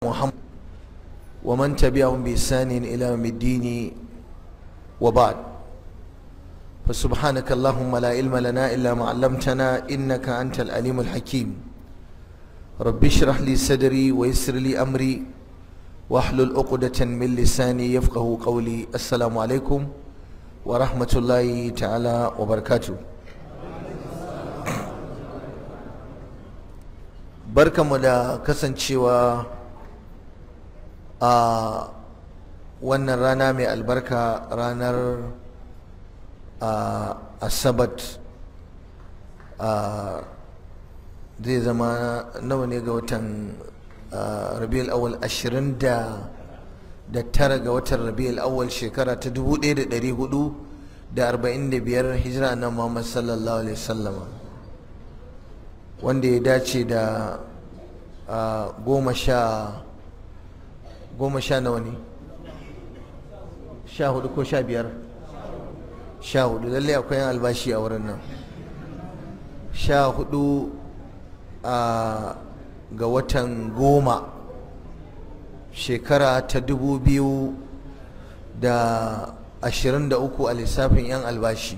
محمد ومن تبعهم بإحسان إلى يوم الدين وبعد فسبحانك اللهم لا علم لنا إلا ما علمتنا إنك أنت العليم الحكيم رب اشرح لي صدري ويسر لي أمري واحلل عقدة من لساني يفقه قولي السلام عليكم ورحمة الله تعالى وبركاته بركة مدى كسن شوى a wannan rana mai albarka ranar asabat zai zama nawa ne ga watan rabi'ul awal ashirin da tara ga watan rabi'ul awal shekara ta dubu ɗaya da ɗari hudu da arba'in da biyar hijira na muhammad sallallahu alaihi sallama wanda ya dace da goma sha goma sha nawa ne sha hudu ko sha biyar sha hudu lallai akwai yan albashi a wurin nan sha hudu ga watan goma shekara ta dubu biyu da ashirin da uku a lissafin yan albashi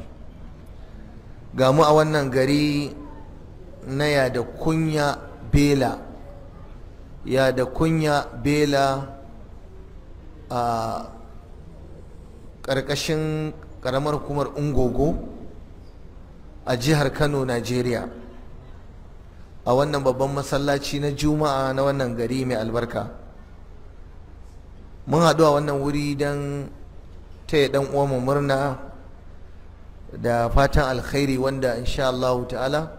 gamu a wannan gari na ya da kunya bela ya da kunya bela a ƙarƙashin ƙaramar hukumar ungogo a jihar kano najeriya a wannan babban masallaci na juma'a na wannan gari mai albarka mun haɗu a wannan wuri don taya ɗan uwanmu murna da fatan alkhairi wanda insha Allah ta'ala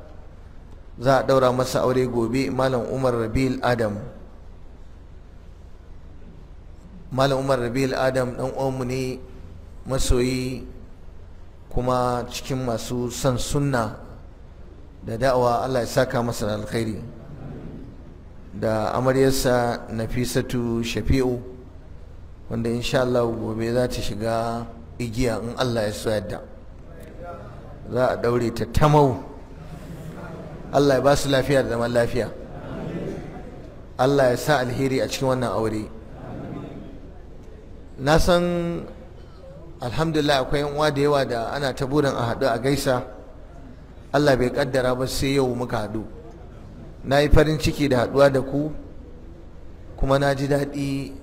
za a ɗaura masa aure gobe malam umar rabil adam malam umar rabi'ul adam dan uwanmu ne masoyi kuma cikin masu son sunna da da'awa Allah ya saka masa alkhairi da amaryarsa nafisatu shafi'u wanda insha Allah gobe za ta shiga igiya in Allah ya so yadda za a daure ta tamau Allah ya ba su lafiya da zaman lafiya Allah ya sa alheri a cikin wannan aure na san alhamdulillah akwai yan uwa da yawa da ana ta burin a haɗu a gaisa Allah bai kaddara ba sai yau muka haɗu na yi farin ciki da haɗuwa da ku kuma na ji daɗi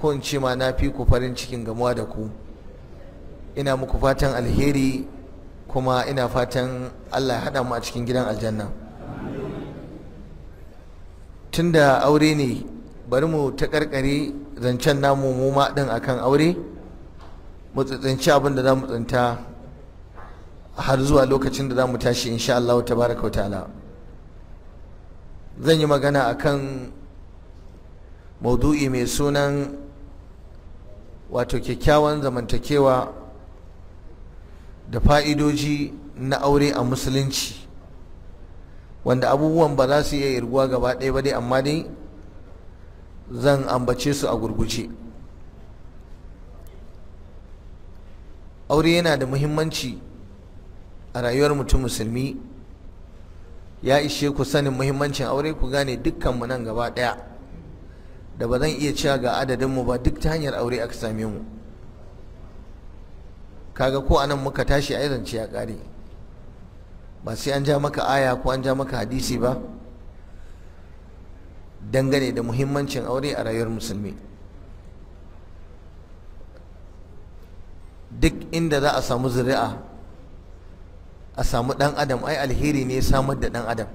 ko in ce ma na fi ku farin cikin gamuwa da ku ina muku fatan alheri kuma ina fatan Allah ya haɗa mu a cikin gidan aljanna tunda aure ne bari mu ta karkare zancen namu mu ma din akan aure mu tsinci abin da zamu tsinta har zuwa lokacin da zamu tashi insha Allah tabaaraka wa ta'ala zan yi magana akan maudu'i mai sunan wato kyakkyawan zamantakewa da fa'idoji na aure a musulunci wanda abubuwan ba za su iya irguwa gaba ɗaya ba dai amma dai zan ambace su a gurguje aure yana da muhimmanci a rayuwar mutum musulmi ya ishe ku sanin muhimmancin aure ku gane dukkanmu nan gaba ɗaya da ba zan iya cewa ga adadinmu ba duk ta hanyar aure aka same mu kaga ko anan muka tashi a zance ya kare ba sai an ja maka aya ko an ja maka hadisi ba dangane da muhimmancin aure a rayuwar musulmi duk inda za a samu zuri'a a samu ɗan adam ai alheri ne samar da ɗan adam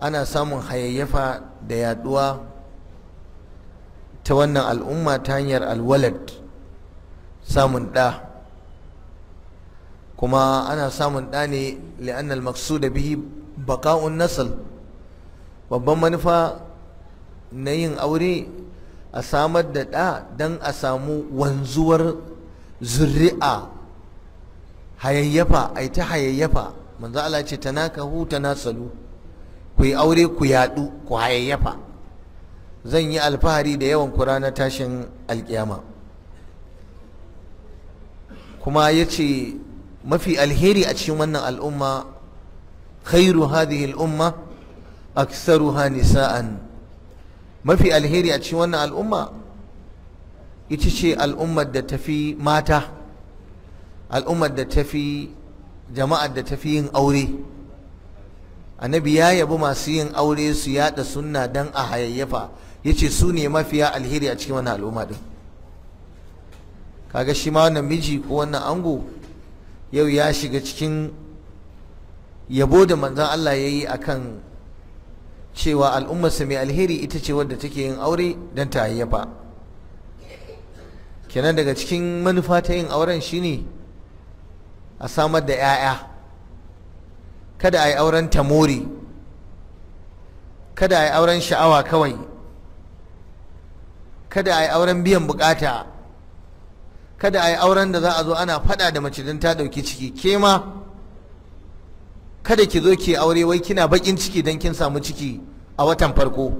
ana samun hayayyafa da yaduwa ta wannan al'umma ta hanyar alwalad samun da kuma ana samun da ne li'annal maksuda bihi baka'un nasal babban manufa na yin aure a samar da ɗa don a samu wanzuwar zuri'a hayayyafa a ta hayayyafa manzo Allah ce tana tanasalu ku yi aure ku yaɗu ku hayayyafa zan yi alfahari da yawan ku na tashin alƙiyama. kuma ya ce mafi alheri a cikin wannan al'umma khairu hadhihi al'umma aksaruha nisa'an mafi alheri a cikin wannan al'umma ita ce al'ummar da tafi mata al'ummar da tafi jama'ar da tafi yin aure annabi ya yabi masu yin aure su yada sunna dan a hayayyafa yace su ne mafiya alheri a cikin wannan al'umma din kaga shi ma wannan miji ko wannan ango yau ya shiga cikin yabo da manzon Allah yayi akan cewa al'ummarsa mai alheri ita ce wadda take yin aure don ta hayyafa kenan daga cikin manufa ta yin auren shine a samar da 'ya'ya kada a yi auren tamori kada a yi auren sha'awa kawai kada a yi auren biyan bukata kada a yi auren da za a zo ana fada da mace don ta ɗauki ciki ke ma kada ki zo ki aure wai kina bakin ciki don kin samu ciki a watan farko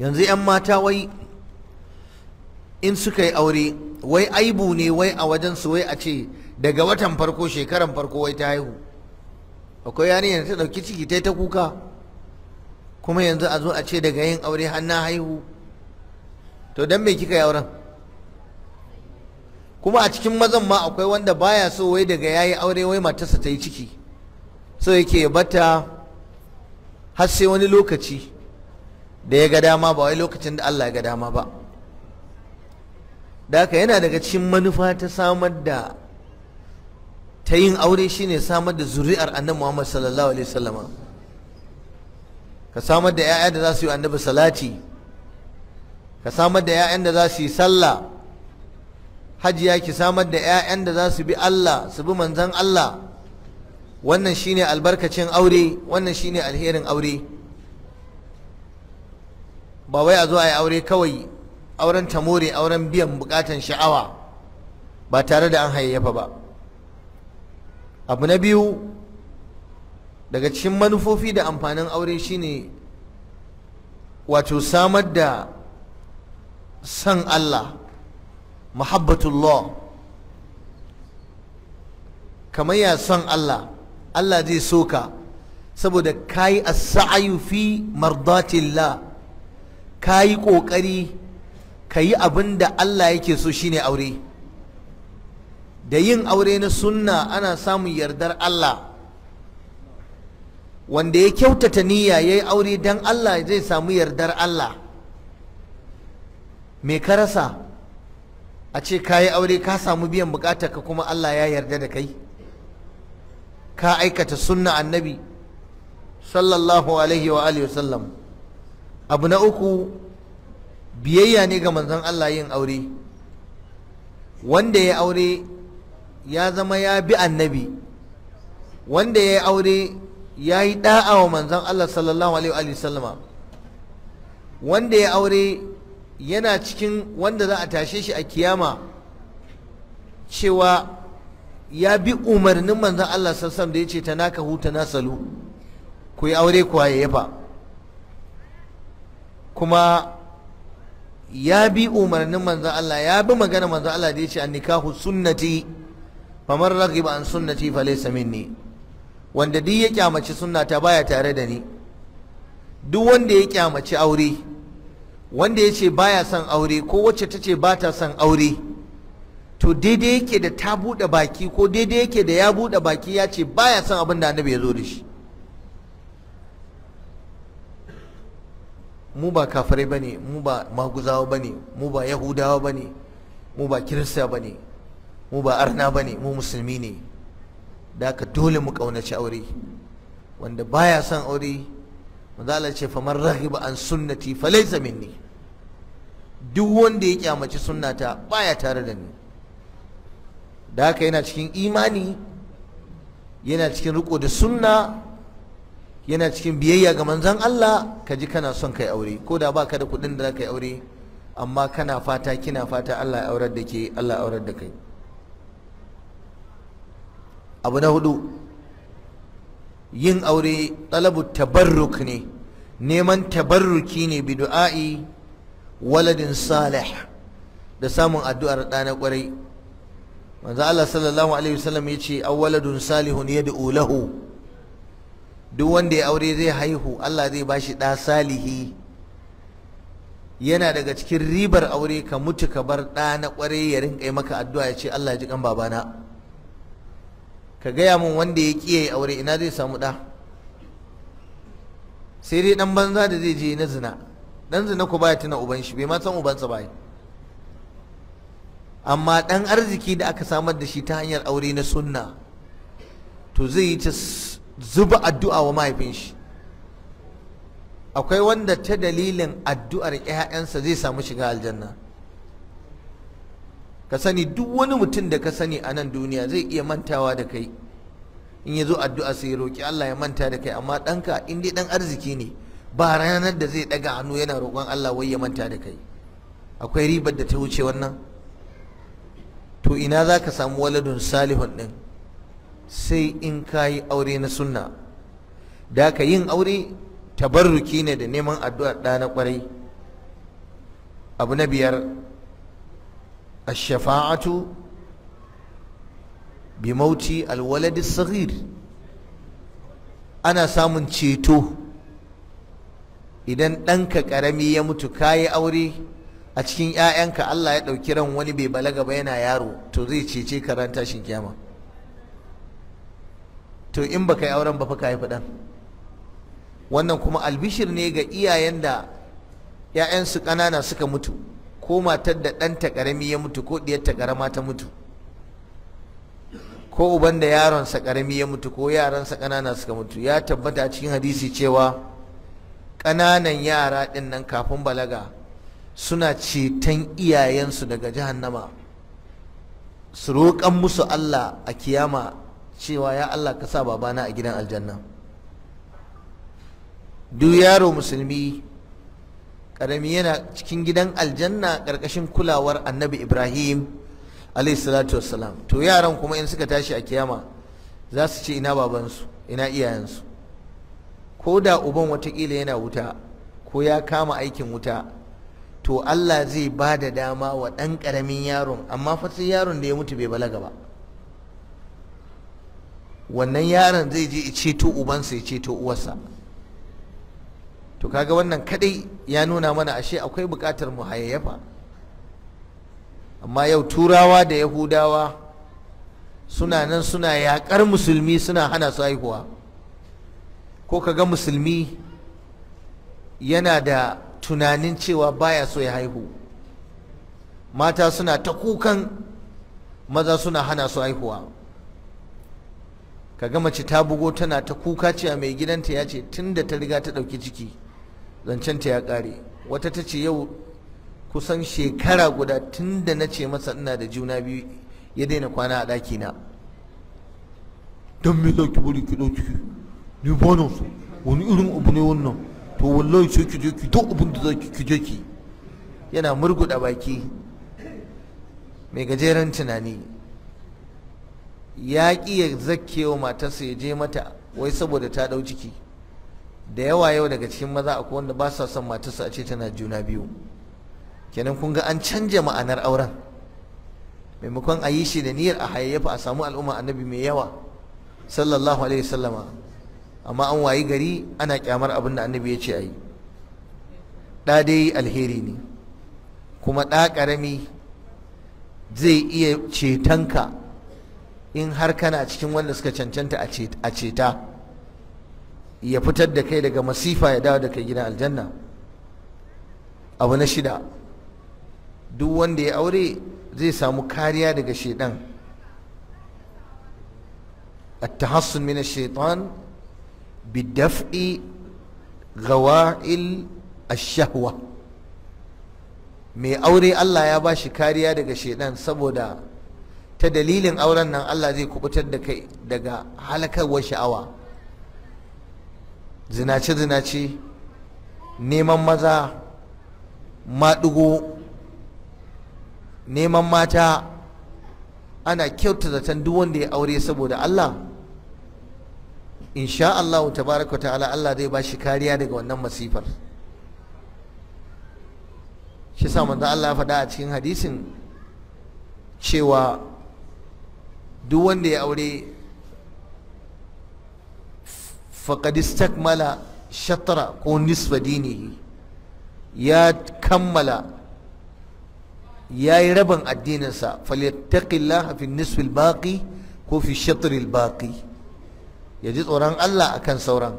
yanzu 'yan mata wai in suka yi aure wai aibu ne wai a wajensu wai a ce daga watan farko shekaran farko wai ta haihu akwai yanzu ta ɗauki ciki ta ta kuka kuma yanzu a zo a ce daga yin aure har na haihu to don me kika yi auren kuma a cikin mazan ma akwai wanda baya so wai daga yayi aure wai matarsa ta yi ciki so yake bata har sai wani lokaci da ya ga dama ba wai lokacin da Allah ya ga dama ba da haka yana daga cikin manufa ta samar da ta yin aure shine samar da zuri'ar annabi Muhammad sallallahu alaihi wasallama ka samar da 'ya'ya da za su yi annabi salati ka samar da 'ya'yan da za su yi sallah hajiya ki samar da 'ya'yan da za su bi Allah su bi manzan Allah wannan shine albarkacin aure wannan shine alherin aure ba wai a zo a yi aure kawai auren tamore auren biyan bukatan sha'awa ba tare da an hayayyafa ba abu na biyu daga cikin manufofi da amfanin aure shine wato samar da san Allah mahabbatullah kamar ya son Allah Allah zai so ka saboda kayi as-sa'yu fi mardatillah kayi kokari kayi abin da Allah yake so shine aure da yin aure na sunna ana samun yardar Allah wanda ya kyautata niyya yayi aure dan Allah zai samu yardar Allah me ka rasa a ce ka yi aure ka samu biyan bukatar ka kuma Allah ya yarda da kai ka aikata sunna annabi sallallahu alaihi wa alihi wasallam abu na uku biyayya ne ga manzon Allah yin aure wanda ya aure ya zama ya bi annabi wanda ya aure ya yi da'a wa manzon Allah sallallahu alaihi wa alihi wasallama wanda ya aure yana cikin wanda za a tashe shi a kiyama cewa ya bi umarnin manzan Allah sassan da ya ce ta naka huta na salu ku yi aure kuwa ya yafa kuma ya bi umarnin manzan Allah ya bi magana manzan Allah da ya ce an nikahu sunnati famar ba an sunnati fa laysa minni wanda duk ya kyamaci sunnata baya tare da ni duk wanda ya kyamaci aure wanda ya ce baya son aure ko wacce ta ce ba ta son aure to daidai yake da ta buɗe baki ko daidai yake da ya buɗe baki ya ce baya son abin da annabi ya zo da shi mu ba kafirai bane mu ba maguzawa bane mu ba yahudawa bane mu ba kirista bane mu ba arna bane mu musulmi ne da aka dole mu ƙaunaci aure wanda baya son aure maza ce faman rahiba an sunnati falaysa minni duk wanda ya kyamaci sunnata baya tare da ni da haka yana cikin imani yana cikin riko da sunna yana cikin biyayya ga manzon Allah ka ji kana son kai aure ko da baka da kuɗin da za ka aure amma kana fata kina fata Allah ya aurar da ke Allah ya aurar da kai abu na hudu yin aure talabu tabarruk ne neman tabarruki ne bi du'a'i waladin salih da samun addu'ar ɗa na ƙwarai manzo Allah sallallahu alaihi wasallam yace waladun salihun yad'u lahu duk wanda ya aure zai haihu Allah zai bashi ɗa salihi yana daga cikin ribar aure ka mutu ka bar ɗa na ƙwarai ya rinƙa maka addu'a ya ce Allah ya ji kan babana ka gaya min wanda ya ƙiye aure ina zai samu ɗa sai dai ɗan banza da zai je na zina ɗan zina ko baya tuna uban shi bai ma san ubansa ba amma ɗan arziki da aka samar da shi ta hanyar aure na sunna to zai yi ta zuba addu'a wa mahaifin shi akwai wanda ta dalilin addu'ar ƴaƴansa zai samu shiga aljanna ka sani duk wani mutum da ka sani a nan duniya zai iya mantawa da kai in ya zo addu'a sai ya roƙi Allah ya manta da kai amma ɗanka in dai ɗan arziki ne ba ranar da zai ɗaga hannu yana roƙon Allah wai ya manta da kai akwai ribar da ta wuce wannan to ina za ka samu waladun salihun ɗin sai in ka yi aure na sunna da ka yin aure tabarruki ne da neman addu'ar ɗa na ƙwarai abu na biyar الشفاعة بموت الولد الصغير ana سامن ceto idan ɗanka karami ya mutu kayi aure a cikin 'ya'yanka Allah ya ɗauki ran wani bai balaga ba yana yaro to zai cece karanta ran kyama to in baka auren ba fa haifi wannan kuma albishir ne ga iyayen da 'ya'yansu ƙanana suka mutu ko matar da ɗanta ƙarami ya mutu ko ɗiyarta ƙarama ta mutu ko uban da yaronsa ƙarami ya mutu ko yaransa ƙanana suka mutu ya tabbata a cikin hadisi cewa ƙananan yara ɗin nan kafin balaga suna ceton iyayensu daga nama? su roƙan musu Allah a kiyama cewa ya Allah ka sa babana a gidan aljanna duk yaro musulmi karami yana cikin gidan aljanna karkashin kulawar annabi ibrahim alaihissalatu wassalam to yaran kuma in suka tashi a kiyama za su ce ina babansu ina iyayensu ko da uban watakila yana wuta ko ya kama aikin wuta to Allah zai ba da dama wa ɗan ƙaramin yaron amma fa sai yaron da ya mutu bai balaga ba wannan yaron zai je ya ceto ubansa ya ceto uwarsa to kaga wannan kadai ya nuna mana ashe akwai bukatar mu hayayyafa amma yau turawa da yahudawa suna nan suna yakar musulmi suna hana su haihuwa ko kaga musulmi yana da tunanin cewa baya so ya haihu mata suna ta kukan maza suna hana su haihuwa kaga mace ta bugo tana ta kuka cewa mai gidanta ya ce tun da ta riga ta ɗauki ciki zancenta ya ƙare wata ta ce yau kusan shekara guda tun da na ce masa ina da juna biyu ya daina kwana a ɗakina don me za ki bari ki ɗauki ni ba na wani irin abu ne wannan to wallahi sai ki je ki duk abin da za ki je ki yana murguɗa baki mai gajeren tunani ya ƙi ya zakewa matarsa ya je mata wai saboda ta ɗau ciki da yawa yau daga cikin maza akwai wanda ba sa son matarsa a ce tana juna biyu kenan kun ga an canja ma'anar auren maimakon a yi shi da niyyar a hayayyafa a samu al'umma annabi mai yawa sallallahu alaihi wasallama amma an wayi gari ana kyamar abin da annabi ya ce a yi ɗa dai alheri ne kuma ɗa ƙarami zai iya cetanka in har kana cikin wanda suka cancanta a ceta ya fitar da kai daga masifa ya dawo da kai aljanna abu na shida duk wanda ya aure zai samu kariya daga shaidan التحصن من mai aure Allah ya ba shi kariya daga shaidan saboda ta dalilin auren nan Allah zai kubutar da kai daga halakar sha'awa zinace-zinace neman maza maɗigo neman mata ana kyauta zaton duk wanda ya aure saboda Allah insha Allah tabaraka ta'ala Allah zai ba shi kariya daga wannan masifar shi sa manzo Allah ya faɗa a cikin hadisin cewa duk wanda ya aure faqad istakmala shatra ko nisfa dinihi ya kammala ya yi rabin addininsa falyattaqillaha fi nisfi baƙi ko fi shatr ya ji tsoron Allah akan sauran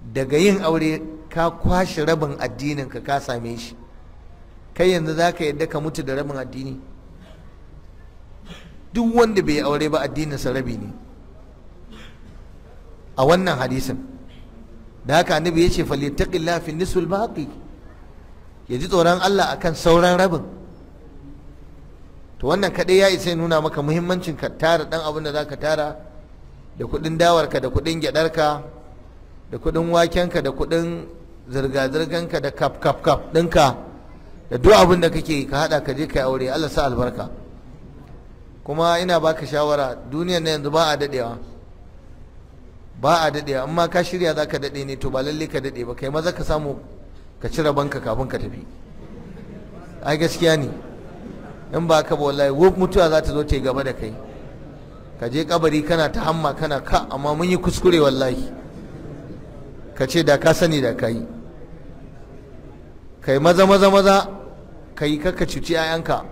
daga yin aure ka kwashe rabin addininka ka same shi kai yanzu za ka yadda ka mutu da rabin addini duk wanda bai aure ba addininsa rabi ne a wannan hadisin da haka annabi ya ce falittaqillahi fi nisfil baqi ya ji tsoron Allah akan sauran rabin to wannan kaɗai ya isa nuna maka muhimmancin ka tara ɗan abin da za ka tara da kuɗin dawarka da kuɗin gyaɗarka da kuɗin wakenka da kuɗin zirga-zirganka da kaf kaf kaf ɗinka da duk abin da kake ka haɗa ka je ka aure Allah sa albarka kuma ina baka shawara duniyar na yanzu ba a daɗewa ba a daɗe amma ka shirya za ka daɗe ne to ba lalle ka daɗe ba kai maza ka samu ka cire banka kafin ka tafi ai gaskiya ne in ba ka ba wallahi wuf mutuwa za ta zo ta yi gaba da kai ka je kabari kana ta hamma kana ka amma mun yi kuskure wallahi ka ce da ka sani da ka yi kai maza maza maza ka yi kakka cuci 'ya'yanka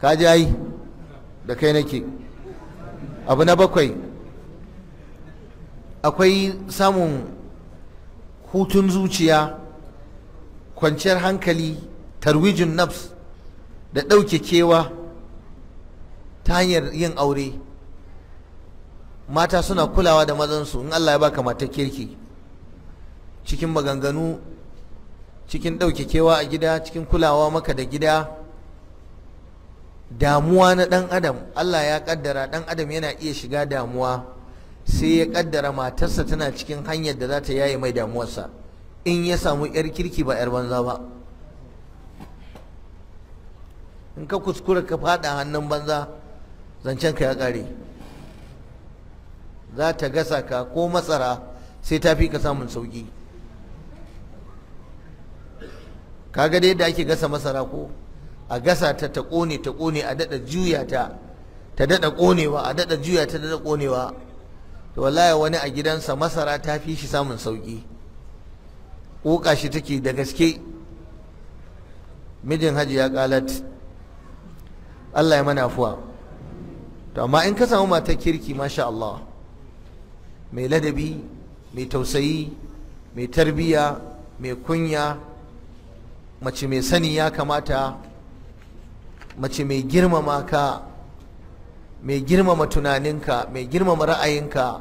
ka ji ai da kai nake abu na bakwai akwai samun hutun zuciya kwanciyar hankali tarwijin nafs da ɗauke kewa ta hanyar yin aure mata suna kulawa da mazansu in Allah ya baka mata kirki cikin maganganu cikin ɗauke kewa a gida cikin kulawa maka da gida damuwa na ɗan adam Allah ya ƙaddara ɗan adam yana iya shiga damuwa sai ya kaddara matarsa tana cikin hanyar da za ta yaye mai damuwarsa in ya samu yar kirki ba yar banza ba in ka kuskura ka fada hannun banza zancen ka ya kare za ta gasa ka ko matsara sai ta fi ka samun sauki kaga dai yadda ake gasa masara ko a gasa ta ta kone ta kone a dada juya ta ta dada konewa a dada juya ta dada konewa to wallahi wani a gidansa masara ta fi shi samun sauki ƙoƙa shi take da gaske mijin hajji ya ƙalat Allah ya mana afuwa to amma in ka samu matar kirki masha Allah mai ladabi mai tausayi mai tarbiyya, mai kunya mace mai sani ya kamata mace mai girmama ka mai girmama tunaninka mai girmama ra'ayinka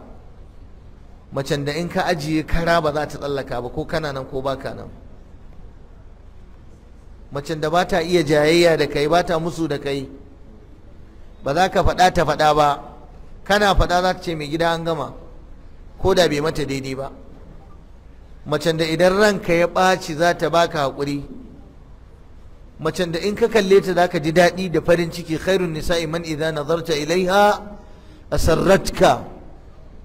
macen da in ka ajiye kara ba za ta tsallaka ba ko kana nan ko baka nan macen da ba ta iya jayayya da kai ba ta musu da kai ba za ka faɗa ta faɗa ba kana faɗa za ta ce mai gida an gama ko da bai mata daidai ba macen da idan ranka ya ɓaci za ta baka haƙuri macen da in ka kalle ta zaka ji daɗi da farin ciki khairun nisa man idza nazarta ilaiha asarratka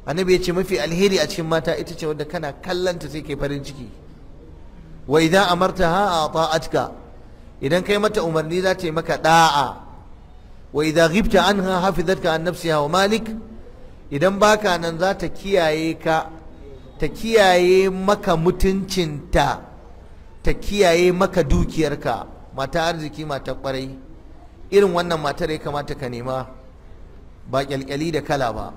annabi ya ce mafi alheri a cikin mata ita ce wanda kana ta sai kai farin ciki wa idza amartaha ata'atka idan kai mata umarni za ta yi maka da'a wa idza ghibta anha hafizatka an nafsiha wa malik idan baka nan za ta kiyaye ka ta kiyaye maka mutuncinta ta kiyaye maka dukiyarka mata arziki mata kwarai irin wannan matar ya kamata ka nema ba kyalkyali da kala ba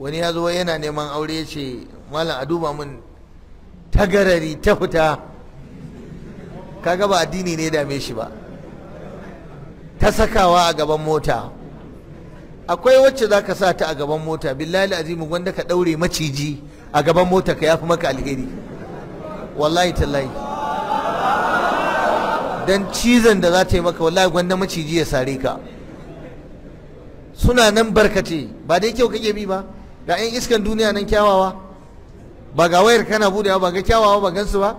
wani ya zo yana neman aure ya ce malam a duba min tagarari ta fita kaga ba addini ne dame shi ba ta sakawa a gaban mota akwai wacce za ka sa ta a gaban mota billahi azimu wanda ka ɗaure maciji a gaban mota ka yafi maka alheri wallahi tallahi don cizon da za ta yi maka wallahi gwanda maciji ya sare ka suna nan barkace ba dai kyau kake bi ba ga 'yan iskan duniya nan kyawawa ba ga wayar kana budewa ba ga kyawawa ba gansu ba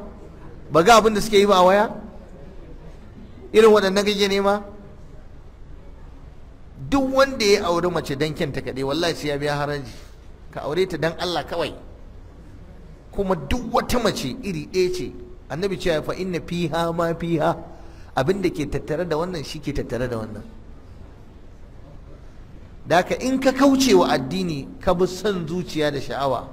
ba ga abin da suke yi ba a waya irin waɗannan kake nema duk wanda ya auri mace don kyanta kaɗai wallahi sai ya biya haraji ka aure ta don Allah kawai kuma duk wata mace iri ɗaya ce annabi cewa fa inna fiha ma fiha abin da ke tattare da wannan shi ke tattare da wannan da ka in ka kauce wa addini ka bi son zuciya da sha'awa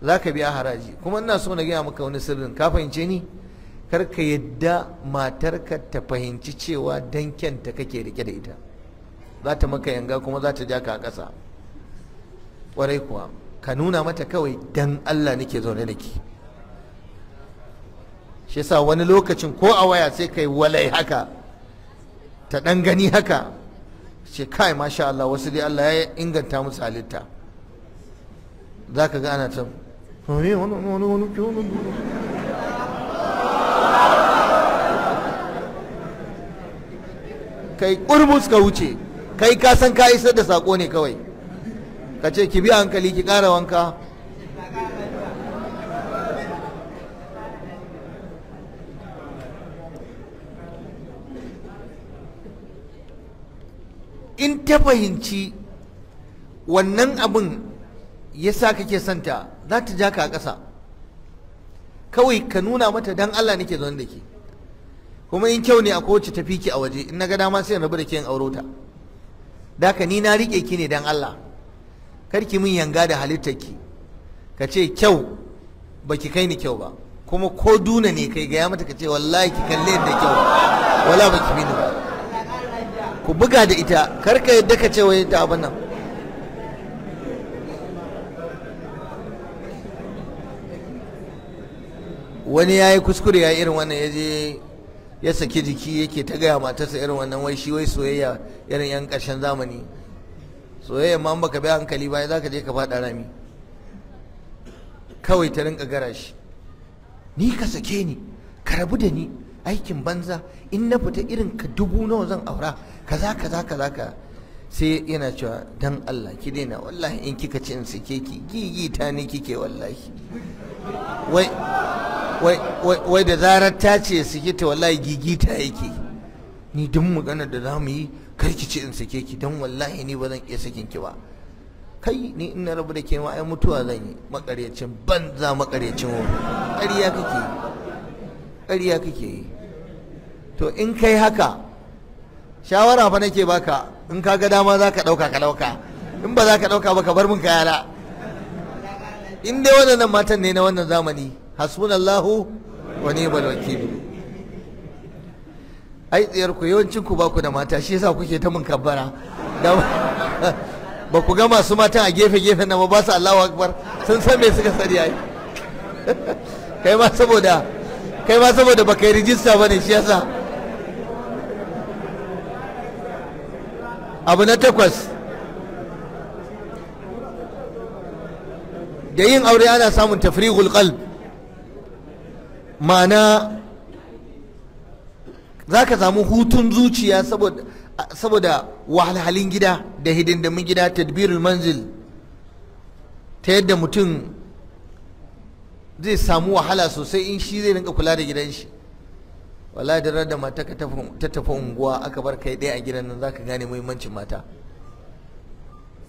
za ka biya haraji kuma ina so na gaya maka wani sirrin ka fahimce ni kar ka yadda ka ta fahimci cewa dan kake rike da ita za ta maka yanga kuma za ta ja ka a ƙasa ƙwarai kuwa ka nuna mata kawai dan Allah nake zaune da ke shi yasa wani lokacin ko a waya sai kai walai haka ta dan gani haka ce kai masha Allah wasu dai Allah ya inganta musu halitta zaka ga ana ta wani wani wani wani kai ƙurbus ka wuce kai ka san ka isar da sako ne kawai ka ce ki bi hankali ki ƙara wanka in ta fahimci wannan abin ya sa kake santa za ta ja ka a ƙasa kawai ka nuna mata dan Allah nake zaune da ke kuma in kyau ne a kowace tafi ki a waje in na ga dama sai rabu da ke yin auro ta da ka ni na riƙe ki ne dan Allah kar ki min yanga da halittar ki ka ce kyau baki kai ni kyau ba kuma ko duna ne kai gaya mata ka ce wallahi ki kalle da kyau wala baki bi ni ba ku buga da ita karka yadda ka ce wani ta abin nan wani ya yi kuskure ya irin wannan ya je ya saki jiki yake ta gaya matarsa irin wannan wai shi wai soyayya irin yan ƙarshen zamani soyayya ma baka bi hankali ba za ka je ka faɗa rami kawai ta rinka gara shi ni ka sake ni ka rabu da ni aikin banza in na fita irin ka dubu nawa zan aura kaza kaza kaza ka sai yana cewa dan Allah ki daina wallahi in kika ci in sike ki gigi ta ni kike wallahi wai wai wai da zarar ta ce sike ta wallahi gigi ta yake ni duk magana da za mu yi kar ki ci in sike ki dan wallahi ni ba zan iya sakin ki ba kai ni in na rabu da ke ma ai mutuwa zan yi makaryacin za makaryacin wani ƙarya kake ƙarya kake yi to in kai haka shawara fa nake baka in ka ga dama za ka ɗauka ka ɗauka in ba za ka ɗauka ba ka bar min kayana in dai waɗannan matan ne na wannan zamani hasbunallahu wa ni'mal wakil ai tsiyar ku yawancin ku ba ku da mata shi yasa kuke ta mun kabbara ba ku ga masu matan a gefe gefe na ba su Allahu akbar sun san me suka sani ai kai ma saboda kai ma saboda baka yi rijista bane shi yasa abu na takwas da yin aure ana samun tafri qalb ma'ana za ka samu hutun zuciya saboda wahalhalin gida da hidindamin gida tadbirul manzil ta yadda mutum zai samu wahala sosai in shi zai rinka kula da gidan shi wallahi da da mata ka ta tafi unguwa aka bar kai ɗaya a gidan nan za ka gane muhimmancin mata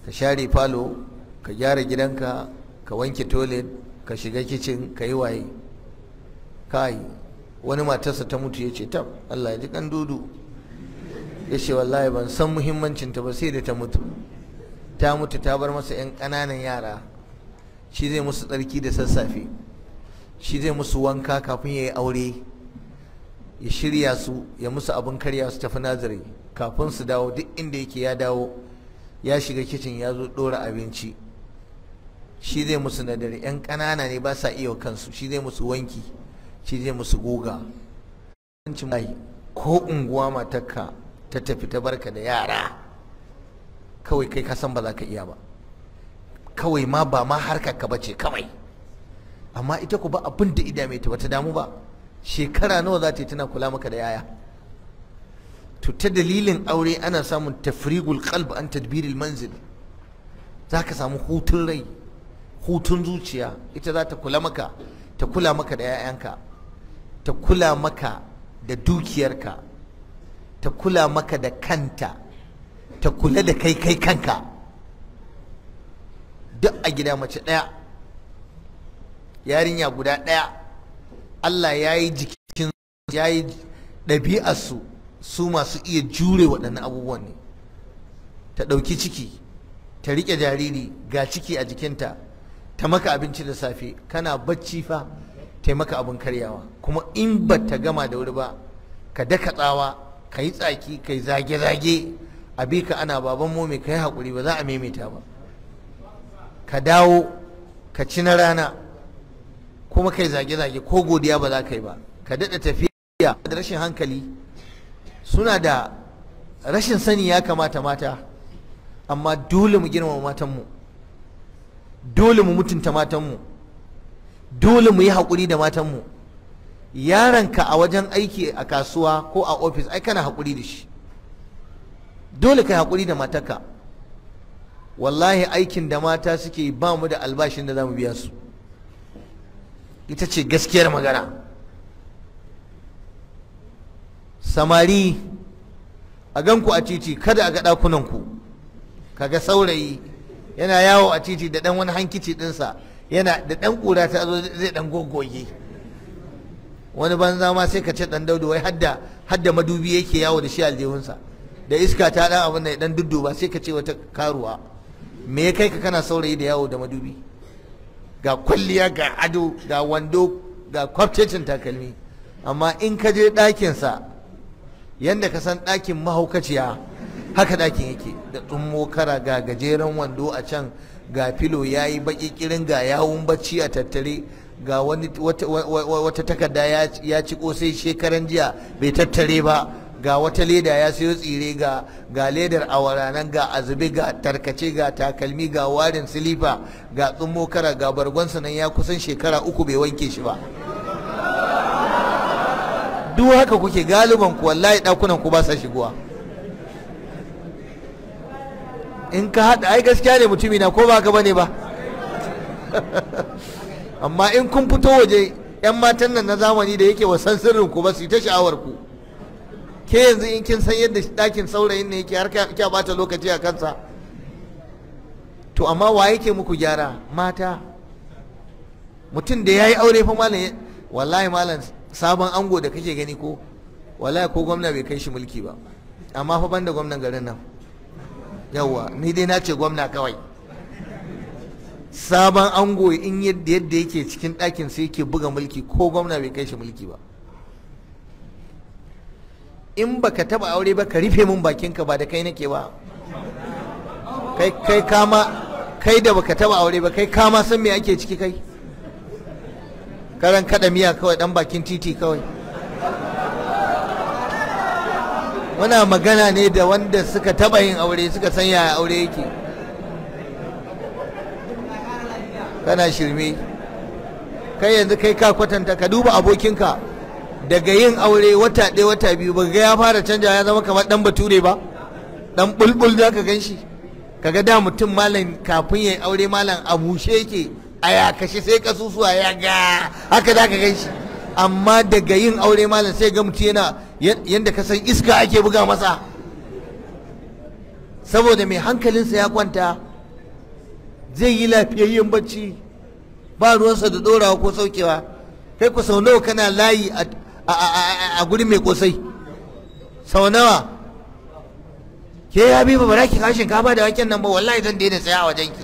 ka share falo ka gyara gidanka ka wanke toilet ka shiga kicin ka yi waye kai wani matarsa ta mutu ya ce tab Allah ya ji kan dudu ya ce wallahi ban san muhimmancin ta ba sai da ta mutu ta mutu ta bar masa yan ƙananan yara shi zai musu tsarki da sassafe shi zai musu wanka kafin ya yi aure ya shirya su ya musu abin karya su tafi nazari kafin su dawo duk inda yake ya dawo ya shiga kicin ya zo dora abinci shi zai musu na dare yan kanana ne ba sa iya kansu shi zai musu wanki shi zai musu goga ko unguwa matarka ta tafi ta barka da yara kawai kai kasan baza ba za ka iya ba kawai ma ba ma harkar ka bace kawai amma ita ku ba abin da idame ta bata damu ba shekara nawa za ta tana kula maka da yaya to ta dalilin aure ana samun tafrigul qalb an tadbiril manzil za ka samu hutun rai hutun zuciya ita za ta kula maka ta kula maka da 'ya'yanka ta kula maka da dukiyarka ta kula maka da kanta ta kula da kai kai kanka duk a gida mace ɗaya yarinya guda ɗaya Allah ya yi jikin ya yi ɗabi'arsu su masu iya jure waɗannan abubuwan ne ta ɗauki ciki ta riƙe jariri ga ciki a jikinta ta maka abinci da safe kana bacci fa ta maka abin karyawa kuma in ba ta gama da wuri ba ka daka tsawa ka yi tsaki ka yi zage-zage a bi ka ana baban momi ka yi haƙuri ba za a maimaita ba ka dawo ka ci na rana kuma kai zage-zage ko godiya ba za ka yi ba ka daɗa tafiya da rashin hankali suna da rashin sani ya kamata mata amma dole mu girmama matanmu dole mu mutunta matanmu dole mu yi haƙuri da matanmu yaronka a wajen aiki a kasuwa ko a ofis ai kana haƙuri da shi dole ka yi haƙuri da matarka wallahi aikin da mata suke ba mu da albashin da zamu biya su ita ce gaskiyar magana samari a ganku a titi kada a ga ɗakunanku kaga saurayi yana yawo a titi da ɗan wani hankici ɗinsa yana da ɗan ƙura ta zo zai ɗan goggoge wani banza ma sai ka ce ɗan daudu wai hadda hadda madubi yake yawo da shi aljihunsa da iska ta ɗan abin da ya ɗan dudduba sai ka ce wata karuwa me ya kai ka kana saurayi da yawo da madubi ga kwalliya ga ado ga wando ga kwaftecin takalmi amma in ka je ɗakinsa yadda ka san ɗakin mahaukaciya haka ɗakin yake da tsummo kara ga gajeren wando a can ga filo ya yi baƙi kirin ga yawun bacci a tattare ga wata takarda ya ci ƙosai shekaran jiya bai tattare ba ga wata leda ya sayo tsire ga ga ledar awara nan ga azubi ga tarkace ga takalmi ga warin silifa ga tsummo kara ga bargonsa nan ya kusan shekara uku bai wanke shi ba duk haka kuke galiban ku wallahi dakunan ku ba sa shigowa in ka haɗa ai gaskiya ne mutumi na ko ba ka bane ba amma in kun fito waje 'yan matan nan na zamani da yake wasan sirrin ku ba su yi ta sha'awar ku ke yanzu in kin san yadda ɗakin saurayin ne yake har kya bata lokaci a kansa to amma wa yake muku gyara mata mutum da ya yi aure fa malam wallahi malam sabon ango da kake gani ko wallahi ko gwamna bai kai shi mulki ba amma fa banda gwamnan garin nan yawwa ni dai na ce gwamna kawai sabon ango in yadda yadda yake cikin ɗakin sai yake buga mulki ko gwamna bai kai shi mulki ba in ba ka taba aure ba ka rufe min bakinka ba da kai nake ba kai kai kama kai da baka taba aure ba kai kama san me ake ciki kai karan kada miya kawai dan bakin titi kawai muna magana ne da wanda suka taba yin aure suka san yaya aure yake kana shirme kai yanzu kai ka kwatanta ka duba abokinka daga yin aure wata ɗaya wata biyu ba ga ya fara canja ya zama kamar dan bature ba dan bulbul da ka gan shi kaga da mutum malam kafin ya aure malam a bushe yake a ya kashe sai kasusuwa ya ga haka da ka gan amma daga yin aure malam sai ga mutum yana yadda ka san iska ake buga masa saboda mai hankalinsa ya kwanta zai yi lafiyayyen bacci ba ruwansa da ɗorawa ko saukewa kai ku sau nawa kana layi a gurin mai kosai sau nawa ke ya bi ba ki kawo shinkafa da waken nan ba wallahi zan daina tsaya a wajen ki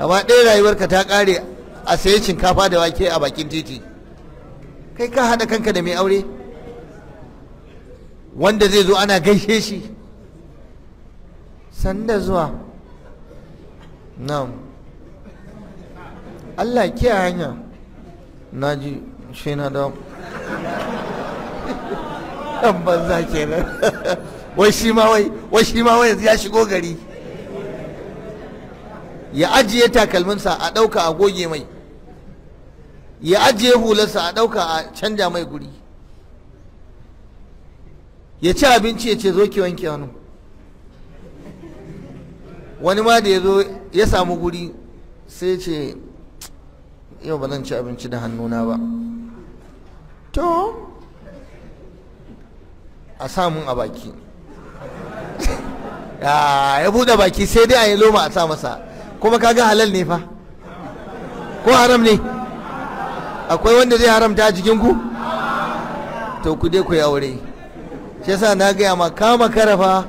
amma ɗaya rayuwarka ta ƙare a sayi shinkafa da wake a bakin titi kai ka haɗa kanka da mai aure wanda zai zo ana gaishe shi sanda zuwa na'am Allah ke hanya na ji shi na da wai wai ya shigo gari ya ajiye takalminsa a ɗauka a goge mai ya ajiye hularsa a ɗauka a canja mai guri ya ci abinci ya ce zo ki wanke hannu wani ma da ya zo ya samu guri sai ce yau ba zan ci abinci da hannuna ba to a samun a baki ya buɗe baki sai dai a yi loma a sa masa kuma kaga halal ne fa ko haram ne akwai wanda zai haramta a jikinku to ku dai ku yi aure shi yasa na gaya ma kama karafa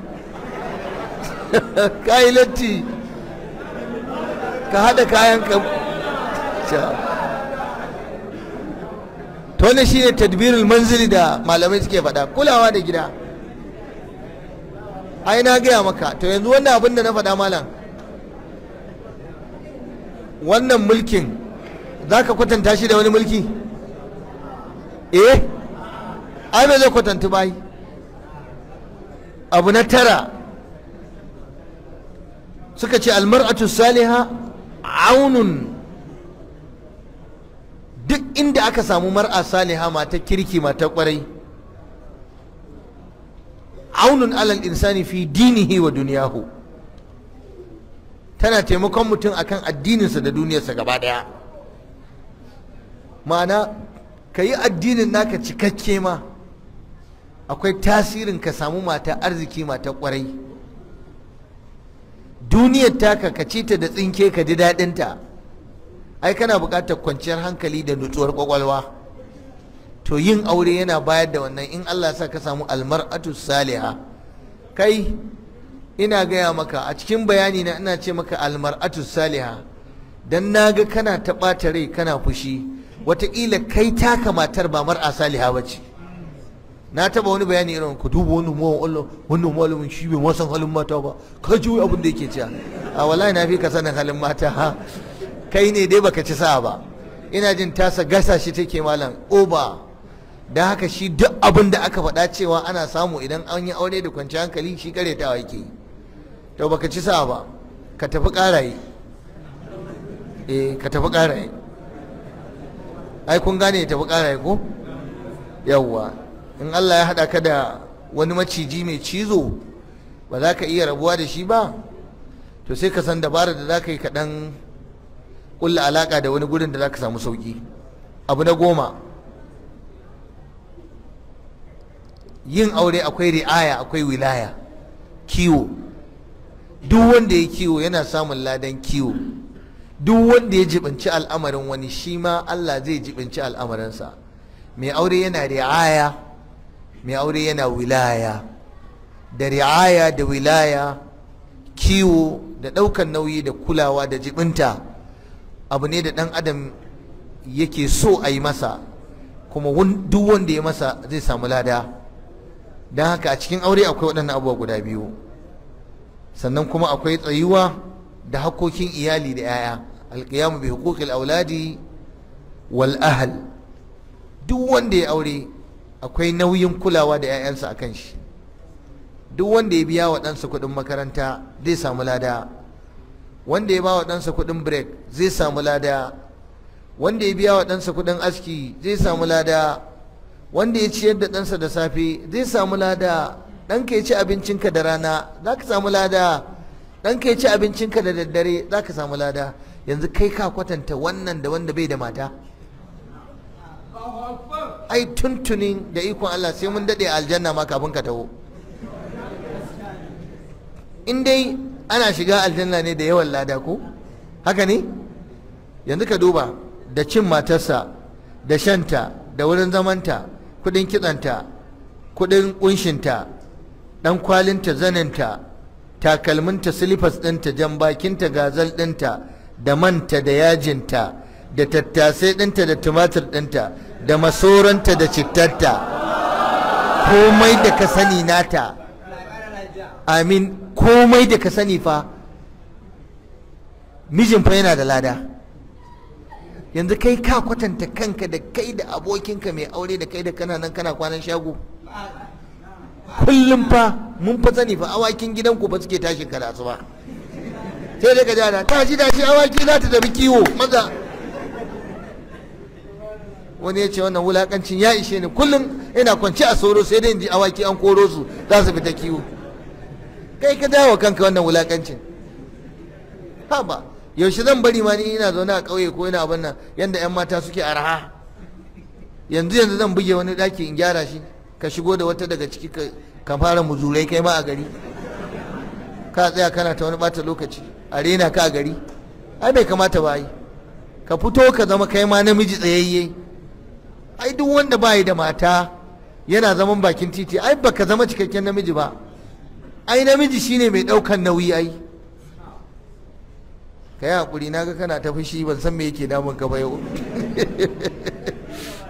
ka yi latti ka haɗa kayan ka to wannan shine tadbirul manzili da malamai suke faɗa kulawa da gida ai na gaya maka to yanzu wannan abin da na faɗa malam wannan mulkin za ka kwatanta shi da wani mulki eh ai zai kwatanta bai abu na tara suka ce almar'atu saliha aunun duk inda aka samu mar'a saliha mata kirki mata kwarai aunun alal insani fi dinihi wa duniyahu tana taimakon mutum akan addininsa da duniyarsa gaba daya ma'ana ka yi addinin naka cikakke ma akwai tasirin ka samu mata arziki mata kwarai duniyar taka ka ci ta da tsinke ka ji daɗinta ai kana buƙatar kwanciyar hankali da nutsuwar kwakwalwa to yin aure yana bayar da wannan in Allah sa ka samu almar'atu saliha kai ina gaya maka a cikin bayani na ina ce maka almar'atu saliha dan naga kana ta rai kana fushi wataƙila kai taka matar ba mar'a saliha ba ce na taba wani bayani irin ku duba wani mawan Allah wannan shi bai wasan halin mata ba ka ji abin da yake cewa a wallahi na fi ka sanin halin mata ha kai ne dai baka ci sa ba ina jin tasa gasa shi take malam oba da haka shi duk abin da aka faɗa cewa ana samu idan an yi aure da kwanciyar hankali shi ta wake to baka ci sa ba ka tafi karaye. eh ka tafi karaye ai kun gane tafi karaye ko yawwa in Allah ya haɗa ka da wani maciji mai cizo ba za ka iya rabuwa da shi ba to sai ka san dabarar da za ka yi kaɗan kulla alaka da wani gurin da za ka samu sauki abu na goma yin aure akwai ri'aya akwai wilaya kiwo duk wanda ya kiwo yana samun ladan kiwo duk wanda ya jibinci al'amarin wani shi ma Allah zai jibinci al'amarinsa mai aure yana ri'aya mai aure yana wilaya da ri'aya da wilaya kiwo da ɗaukan nauyi da kulawa da jibinta abu ne da ɗan adam yake so a yi masa kuma duk wanda ya masa zai samu lada don haka a cikin aure akwai waɗannan abubuwa guda biyu sannan kuma akwai tsayuwa da hakokin iyali da 'ya'ya alƙiyamu bi huquqil auladi wal ahl duk wanda ya aure akwai nauyin kulawa da 'ya'yansa a kan shi duk wanda ya biya wa ɗansa kuɗin makaranta zai samu lada wanda ya ba wa ɗansa kuɗin break zai samu lada wanda ya biya wa ɗansa kuɗin aski zai samu lada wanda ya ciyar da ɗansa da safe zai samu lada ɗanka ya ci abincinka da rana za ka samu lada ɗanka ya ci abincinka da daddare za ka samu lada yanzu kai ka kwatanta wannan da wanda bai da mata ai tuntunin da ikon Allah sai mun daɗe aljanna ma kafin ka taho in dai ana shiga aljanna ne da yawan lada ko haka ne yanzu ka duba da cin matarsa da shanta da wurin zamanta kudin kitsanta kudin kunshinta dan kwalinta zaninta takalminta silifas ɗinta bakinta gazal ɗinta da manta da yajinta da tattasai ɗinta da tumatir ɗinta da masoranta da cittarta komai da ka sani nata amin komai da ka sani fa mijin fa yana da lada yanzu kai ka kwatanta kanka da kai da abokinka mai aure da kai da kana nan kana kwanan shago kullum fa mun fa sani fa awakin gidanku fa suke tashi kada su ba sai daga jana tashi tashi awaki za ta tafi kiwo maza wani ya ce wannan wulakancin ya ishe ni kullum ina kwanci a sauro sai dai in ji awaki an koro su za su fita kiwo kai ka dawo kanka wannan wulakancin haba yaushe zan bari ma ni ina zaune a ƙauye ko ina abin nan yanda yan mata suke araha yanzu yanzu zan buge wani ɗaki in gyara shi ka shigo da wata daga ciki ka fara muzurai kai ma a gari ka tsaya kana ta wani bata lokaci a rena ka a gari ai bai kamata ba yi ka fito ka zama kai ma namiji tsayayye ai duk wanda ba da mata yana zaman bakin titi ai baka zama cikakken namiji ba ai namiji shine mai ɗaukan nauyi ai ka yi haƙuri na ga kana ta fushi ban san me yake damun ka ba yau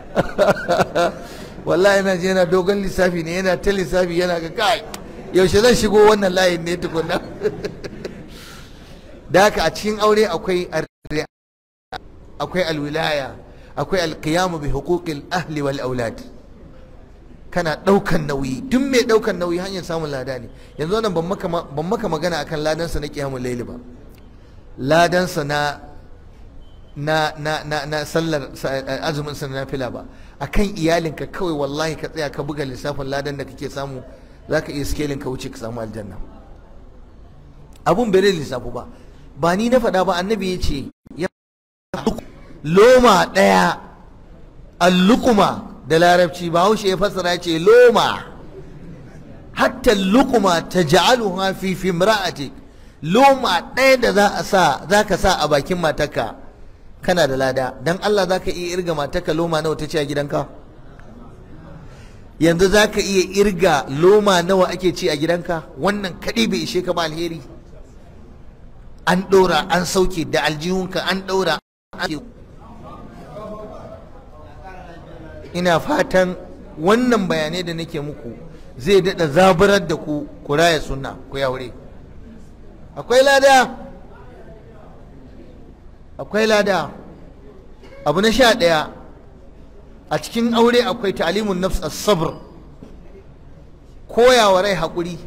wallahi yana jina dogon lissafi ne yana ta lissafi yana ga kai yaushe zan shigo wannan layin ne tukuna da haka a cikin aure akwai akwai alwilaya akwai alqiyamu bi huquqil ahli wal auladi kana ɗaukan nauyi duk mai ɗaukan nauyi hanyar samun lada ne yanzu wannan ban maka magana akan ladansa na kiyamun laili ba ladansa na na na na na sallar eh, azumin sa na fila ba akan iyalinka kawai wallahi ka tsaya ka buga lissafin ladan da kake samu ka iya skelin ka wuce ka samu aljanna abun bai lissafu ba ba ni na faɗa ba annabi ya ce loma ɗaya allukuma da larabci bahaushe ya fassara ce loma hatta lukuma ta ja'aluha fi loma ɗaya da za a sa za ka sa a bakin matarka kana da lada dan Allah za ka iya irga matarka loma nawa ta ci a gidanka yanzu za ka iya irga loma nawa ake ci a gidanka wannan kaɗi bai ishe ka ba alheri an ɗora an sauke da aljihunka an ɗora an sauke ina fatan wannan bayanai da nake muku zai daɗa zaburar da ku ku raya suna ku yaure akwai lada akwai lada abu na sha ɗaya a cikin aure akwai ta'alimun nafs as-sabr koyawa rai haƙuri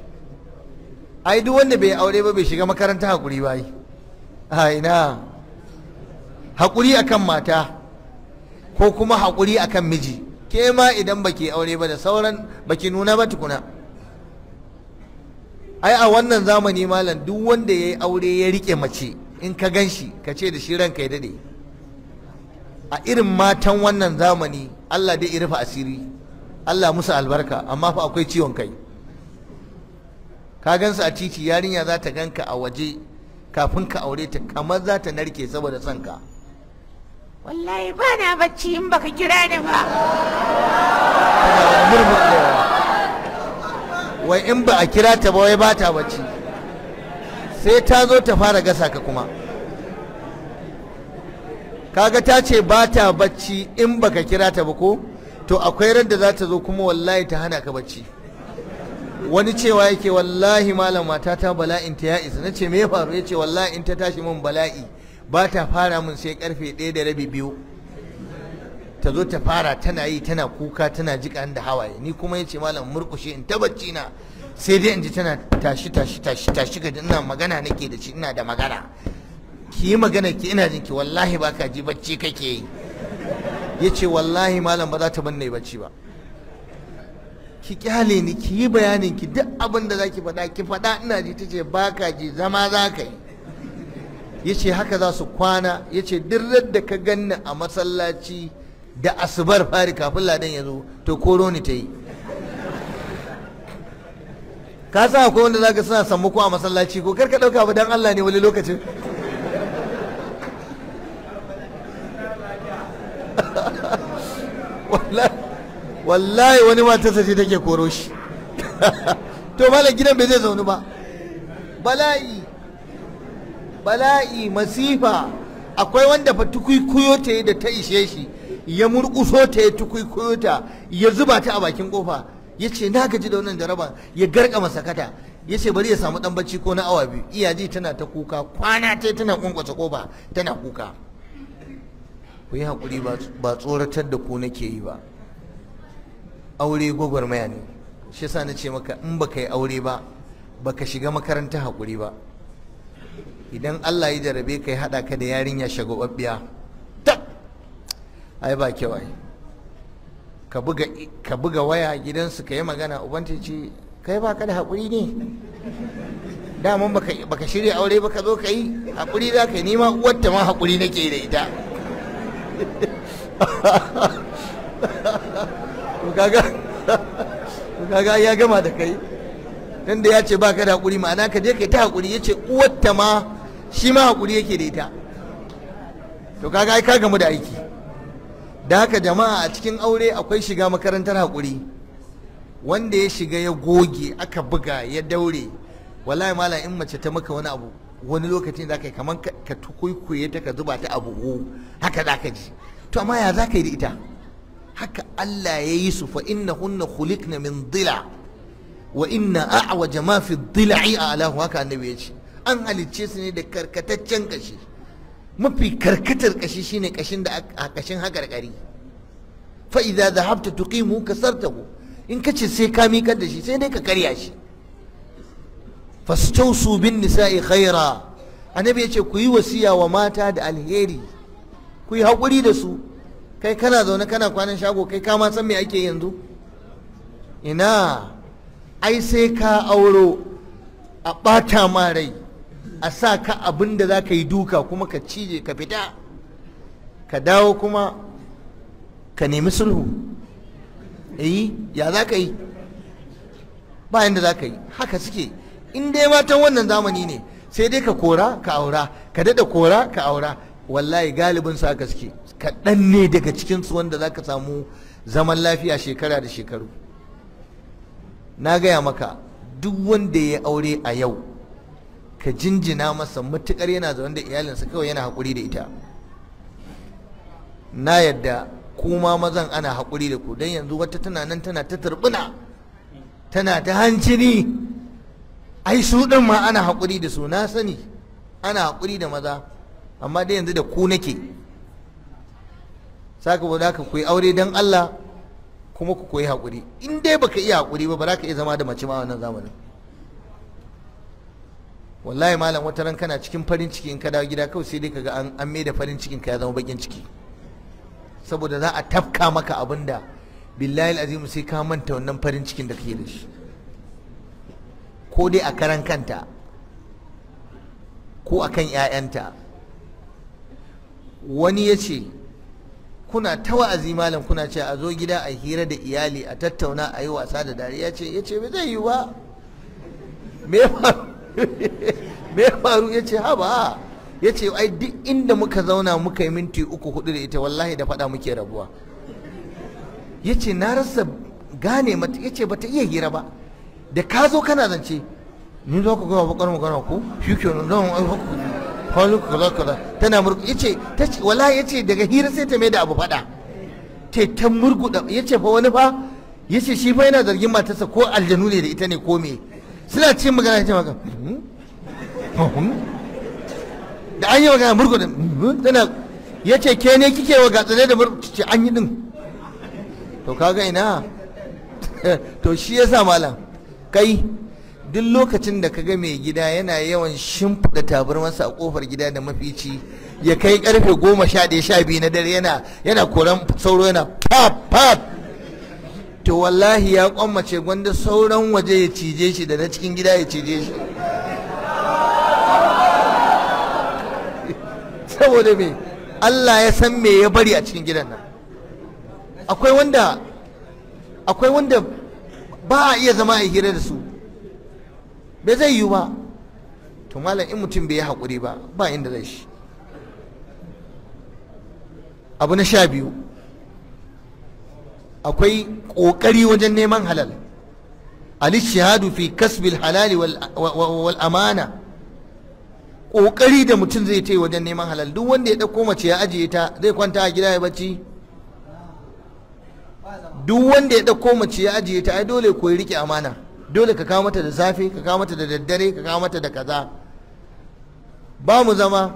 ai duk wanda bai aure ba bai shiga makaranta haƙuri ba ai ina haƙuri akan mata ko kuma haƙuri akan miji ke ma idan baki aure ba da sauran baki nuna ba tukuna ai a wannan zamani malam duk wanda ya yi aure ya rike mace in ka gan shi ka ce da shi ranka ya dade a irin matan wannan zamani Allah dai rufe asiri Allah musu albarka amma fa akwai ciwon kai ka gan su a titi yarinya za ta ganka a waje kafin ka aure ta kamar za ta narke saboda son ka wallahi ba na bacci in baka kira ni ba wai in ba a kira ta bawai ba ta bacci sai ta zo ta fara gasa ka kuma kaga ta ce ba ta bacci in baka kira ta ba ko to akwai radda za ta zo kuma wallahi ta hana ka bacci wani cewa yake wallahi malam matata bala'in ta ya isa na ce me ya faru ya ce wallahi in ta tashi min bala'i ba ta fara mun sai karfe ɗaya da rabi biyu ta zo ta fara tana yi tana kuka tana jiƙa da hawaye ni kuma ya ce malam murkushe in ta bacci na sai dai in ji tana tashi tashi tashi tashi ga ina magana nake da shi ina da magana ki yi magana ki ina jin ki wallahi ba ka ji bacci kake yi ya ce wallahi malam ba za ta banne bacci ba ki kyale ni ki yi bayanin ki duk abin da za ki faɗa ki faɗa ina ji ta ce ba ka ji zama za ka yi yace haka za su kwana yace duk da ka ganni a masallaci da asubar fari kafin ladan ya zo to koro ni ta yi ka sa akwai wanda zaka suna sammako a masallaci ko karka dauka ba dan Allah ne wani lokacin wallahi wani matarsa ce take koro shi to malam gidan bai zai zaunu ba bala'i bala'i masifa akwai wanda fa tukuikuyo ta yi da ta ishe shi ya murkuso ta ya tukuikuyo ta ya zuba ta a bakin kofa ya ce na gaji da wannan jaraba ya garka masakata ya ce bari ya samu dan bacci ko na awa biyu iya ji tana ta kuka kwana ta tana kunkwace kofa tana kuka ku yi hakuri ba tsoratar da ku nake yi ba aure gwagwarmaya ne shi yasa na ce maka in baka yi aure ba baka shiga makaranta hakuri ba idan Allah ya jarabe ka ya haɗa ka da yarinya shagwababbiya tak ai ba kyau ai ka buga ka buga waya gidansu ka yi magana ubanta ce kai ba ka da haƙuri ne daman baka ka shirya aure ba ka zo ka yi haƙuri za ka yi nima uwarta ma haƙuri nake da ita kaga ya gama da kai dan da ya ce ba ka da haƙuri, ma'ana ka je ka yi ta haƙuri, ya ce uwarta ma shi ma hakuri yake da ita to kaga ai ka gamu da aiki da haka jama'a a cikin aure akwai shiga makarantar hakuri. wanda ya shiga ya goge aka buga ya daure wallahi malam in mace ta maka wani abu wani lokacin za ka yi kamar ka tukuikuye ta ka zuba ta abu buhu haka za ka ji to amma ya za ka yi da ita haka Allah ya yi su fa inna hunna khuliqna min dila wa inna a'waja ma fi dhila'i a'lahu haka annabi ya ce an halicce su ne da karkataccen kashi mafi karkatar kashi shine kashin da a kashin hakarkari fa idza dhahabta tuqimu kasartahu in kace sai ka miƙar da shi sai dai ka karya shi su bin nisa'i khaira annabi yace ku yi wasiya wa mata da alheri ku yi haƙuri da su kai kana zaune kana kwanan shago kai ka ma san me ake yanzu ina ai sai ka auro a ɓata ma rai a sa ka abin da za ka yi duka kuma ka cije ka fita ka dawo kuma ka nemi sulhu eh ya za ka yi ba da za ka yi haka suke in dai matan wannan zamani ne sai dai ka kora ka aura ka dada kora ka aura wallahi galibin su haka suke kaɗan ne daga cikinsu wanda za ka samu zaman lafiya shekara da shekaru na gaya maka duk wanda ya aure a yau ka jinjina masa matukar yana zaune da iyalinsa kawai yana haƙuri da ita na yadda kuma mazan ana haƙuri da ku don yanzu wata tana nan tana ta turbina tana ta hancini ai su ɗin ma ana haƙuri da su na sani ana haƙuri da maza amma dai yanzu da ku nake saka ba ka koyi aure don Allah kuma ku koyi haƙuri in dai baka iya haƙuri ba ba za ka iya zama da mace ma wannan zamanin wallahi malam wata ran kana cikin farin ciki in ka dawo gida kawai sai dai kaga an an mai da farin cikin ka ya zama bakin ciki saboda za a tafka maka abinda billahi azimu sai ka manta wannan farin cikin da kake da shi ko dai a karan kanta ko a kan ƴaƴanta wani ya ce kuna ta wa'azi malam kuna ce a zo gida a hira da iyali a tattauna a yi wasa da dariya ce ya ce bai zai yi ba me faru me faru ya ce haba ya ce ai duk inda muka zauna muka yi minti uku hudu da ita wallahi da faɗa muke rabuwa ya ce na rasa gane mata ya ce bata iya hira ba da ka zo kana zance ni za ku gawa bakar magana ku shi ke nan zan ai haku halu kala-kala. tana murku ya ce ta ce wallahi ya ce daga hira sai ta mai da abu faɗa ce ta murku ya ce fa wani fa ya ce shi fa yana zargin matarsa ko aljanu ne da ita ne ko me suna cikin magana ya maka hmm? Oh, hmm? da an yi magana murku da hmm? tana ya ce ke ne kike wa gatsane da murku ce an yi din to kaga ina to shi yasa malam kai duk lokacin da kaga mai gida yana yawan shimfiɗa tabarmarsa a kofar gida da mafici ya kai karfe goma sha ɗaya sha biyu na dare yana yana koran sauro yana pap pap to wallahi ya kwammace gwanda sauran waje ya cije shi da na cikin gida ya cije shi saboda me Allah ya san me ya bari a cikin gidan nan akwai wanda akwai wanda ba a iya zama a hira da su bai zai yiwu ba to malam in mutum bai yi haƙuri ba ba inda zai shi abu na sha biyu akwai ƙoƙari wajen neman halal alishihadu fi kasbil halali wal amana ƙoƙari da mutum zai ta wajen neman halal duk wanda ya ɗauko mace ya ajiye ta zai kwanta a gida ya bacci duk wanda ya ɗauko mace ya ajiye ta ai dole koyi rike amana dole ka kawo mata da zafi ka kawo mata da daddare ka kawo mata da kaza ba mu zama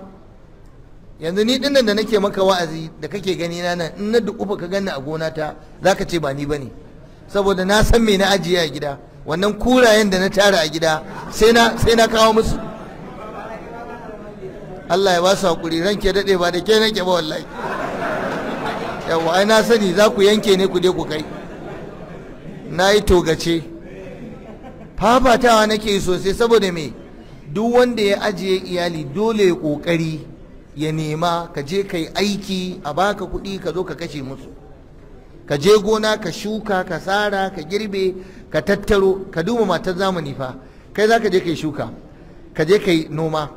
yanzu ni dinnan da nake maka wa'azi da kake gani na nan in na dukufa ka ganni a gona ta zaka ce ba ni bane saboda na san me na ajiye a gida wannan kurayen da na tara a gida sai na sai na kawo musu Allah ya ba su hakuri ranke dade ba da ke nake ba wallahi yawa ai na sani za ku yanke ne ku je ku kai na yi togace fafatawa nake sosai saboda me duk wanda ya ajiye iyali dole ya kokari ya nema ka je ka aiki a baka kuɗi ka zo ka kashe musu ka je gona ka shuka ka tsara ka girbe ka tattaro ka duba matar zamani fa kai za ka je ka shuka ka je ka noma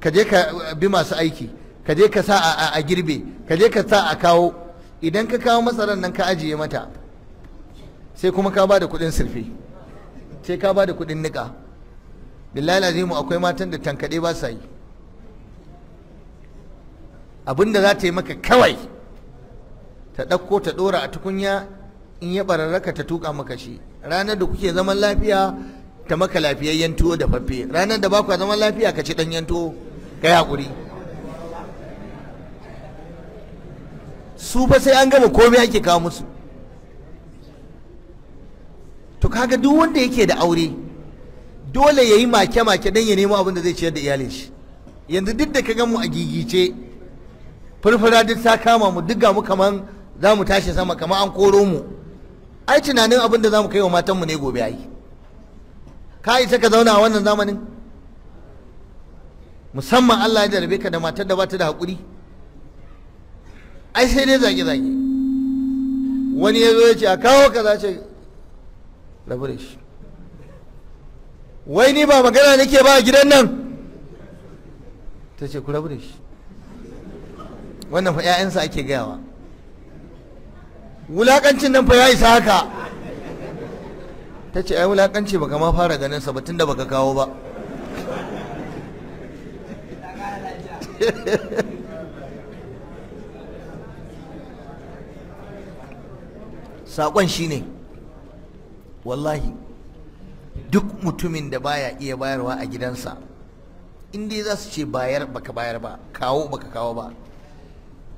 ka je ka uh, bi masu aiki ka je ka sa a girbe ka je ka sa a kawo idan ka kawo masaran nan ka ajiye mata sai kuma ka ba da kuɗin sirfi sai ka ba da kuɗin nika billahi azimu akwai matan da tankaɗe ba sa yi abinda za ta yi maka kawai ta ɗauko ta ɗora a tukunya in ya bararraka ta tuka maka shi ranar da kuke zaman lafiya ta maka lafiyayyen tuwo da faffe ranar da baku zaman lafiya ka ci ɗanyen tuwo ka yi haƙuri su fa sai an gama komai ake kawo musu to kaga duk wanda yake da aure dole ya yi make-make don ya nemo abin da zai ciyar da iyalin shi yanzu duk da ka gamu a gigice furfura duk ta kama mu duk ga mu kaman za mu tashi sama kaman an koro mu ai tunanin abin da za mu kai wa matanmu ne gobe ai ka isa ka zauna a wannan zamanin musamman Allah ya jarabe ka da matar da bata da haƙuri ai sai dai zage-zage wani ya zo ya ce a kawo ka za ce rabu shi wai ni ba magana nake ba a gidan nan ta ce ku rabu shi wannan fa ƴaƴansa ake gayawa Wulaƙancin nan fa ya isa haka ta ce ai wulaƙanci baka ma fara ganin sa ba tunda baka kawo ba saƙon shi ne wallahi duk mutumin da baya iya bayarwa a gidansa in dai za su ce bayar baka bayar ba kawo baka kawo ba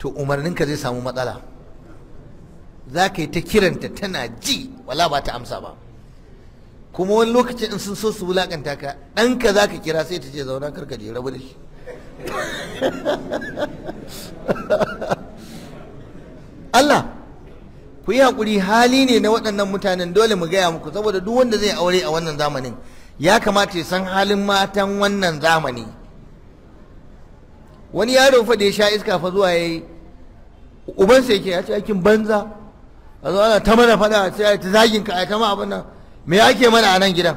to umarninka zai samu matsala za ka yi ta kiranta tana ji wala ba ta amsa ba kuma wani lokacin in sun so su wulakanta ka ɗanka za ka kira sai ta ce zauna karka je rabu da shi Allah ku yi haƙuri hali ne na waɗannan mutanen dole mu gaya muku saboda duk wanda zai aure a wannan zamanin ya kamata ya san halin matan wannan zamani wani yaro fa da ya sha iska fa zuwa ya yi ubansa yake ya ce aikin banza a zo ana ta mana fada a ce ta zagin ka a ta ma abin nan me ake mana a nan gidan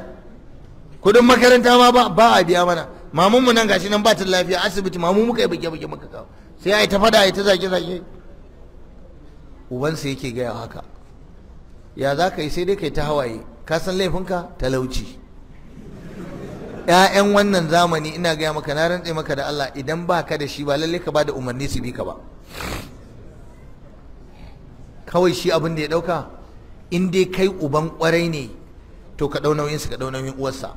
kuɗin makaranta ma ba a biya mana mamun mu nan gashi nan ba ta lafiya asibiti mamun muka yi buge buge muka kawo sai ai ta faɗa ai ta zage zage ubansa yake gaya haka ya za ka yi sai dai kai ta hawaye ka san laifinka talauci ‘ya'yan wannan zamani ina gaya maka na rantse maka da Allah idan ba ka da shi ba lalle ka ba da umarni su bi ka ba kawai shi abin da ya ɗauka in dai kai uban kwarai ne to ka ɗau nauyinsa ka ɗau nauyin uwarsa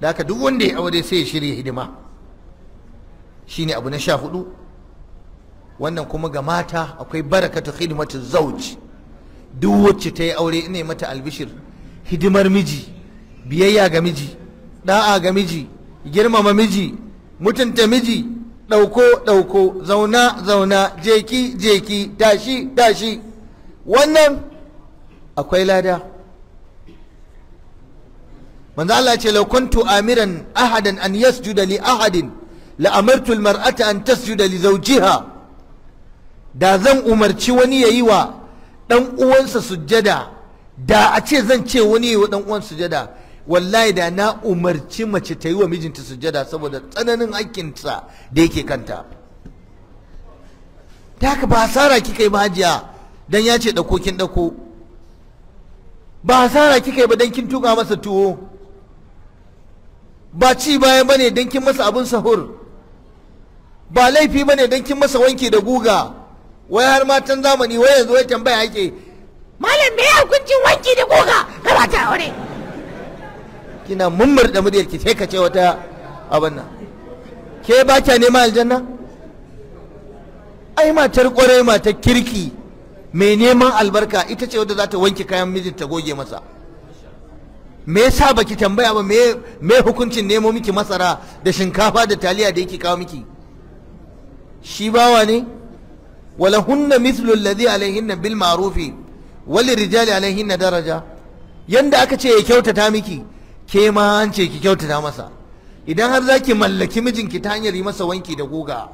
da haka duk wanda ya aure sai ya shirya hidima Shi ne abu na sha hudu wannan kuma ga mata akwai barakatu hidimatu zauj duk wacce ta yi aure ina mata albishir hidimar miji biyayya ga miji da'a ga miji girmama miji mutunta miji ɗauko ɗauko zauna zauna jeki jeki tashi tashi wannan akwai lada manzo Allah ce law kuntu amiran ahadan an yasjuda li ahadin la amartu al mar'ata an tasjuda li zawjiha da zan umarci wani yayi wa dan uwansa sujjada da a ce zan ce wani yayi wa dan uwansa sujjada wallahi da na umarci mace ta yi wa mijinta sujada saboda tsananin aikinsa da yake kanta ta ka ba asara kika yi ba hajiya don ya ce ɗauko ɗauko ba asara kika yi ba don kin tuka masa tuwo ba ci bayan ba ne don kin masa abin sahur ba laifi ba ne don kin masa wanki da guga wai har matan zamani wai yanzu wai tambaya ake. malam me ya hukuncin wanki da guga gaba ta aure kina mummurda mudiyar ki sai ka ce wata abin nan ke ba kya nema aljanna ai matar kwarai matar kirki mai neman albarka ita ce wadda za ta wanke kayan mijinta goge masa me yasa baki tambaya ba me hukuncin nemo miki masara da shinkafa da taliya da yake kawo miki shi bawa ne walahunna mithlu alladhi alaihinna bil ma'rufi wal rijali alaihinna daraja yanda aka ce ya kyautata miki ke ma an ce ki kyautata masa idan har za ki mallaki mijinki ta hanyar yi masa wanki da goga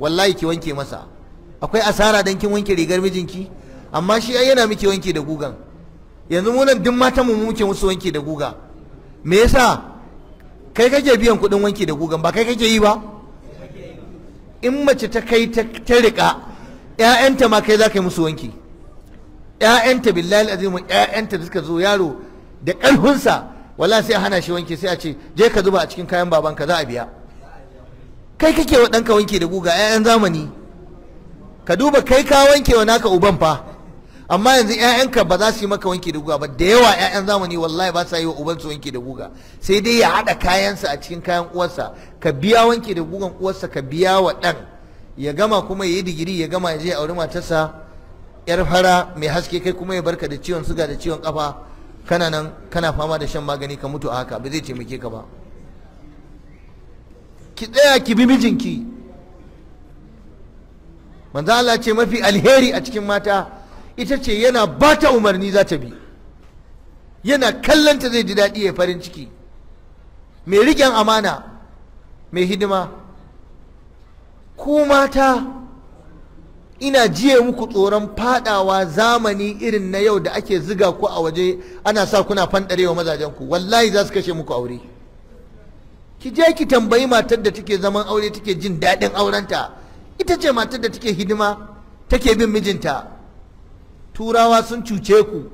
wallahi ki wanke masa akwai asara dan kin wanke rigar mijinki amma shi ai yana miki wanki da gugan yanzu mu nan duk matan mu muke musu wanki da guga me yasa kai kake biyan kuɗin wanki da gugan ba kai kake yi ba in mace ta kai ta rika ƴaƴanta ma kai za ka yi musu wanki ƴaƴanta billahi alazim ƴaƴanta da suka zo yaro da ƙarfinsa wala sai a hana shi wanki sai a ce je ka zuba a cikin kayan babanka za a biya kai kake wa ɗanka wanki da guga 'ya'yan zamani ka duba kai ka wanke wa naka uban fa amma yanzu 'ya'yanka ba za su yi maka wanki da guga ba da yawa 'ya'yan zamani wallahi ba sa yi wa uban su wanki da guga sai dai ya haɗa kayansa a cikin kayan uwarsa ka biya wanki da gugan uwarsa ka biya wa ɗan ya gama kuma ya yi digiri ya gama ya je a wuri matarsa yar fara mai haske kai kuma ya barka da ciwon suga da ciwon kafa kana nan kana fama da shan magani ka mutu a haka ba zai taimake ka ba ki tsaya ki bi mijinki manzo Allah ce mafi alheri a cikin mata ita ce yana ba ta umarni za ta bi yana kallanta zai ji daɗi ya farin ciki mai riƙen amana mai hidima ku mata ina jiye muku tsoron fadawa zamani irin na yau da ake ziga ku a waje ana sa kuna fandarewa mazajen ku wallahi za su kashe muku aure ki je ki tambayi matar da take zaman aure take jin daɗin aurenta ita ce matar da take hidima take bin mijinta turawa sun cuce ku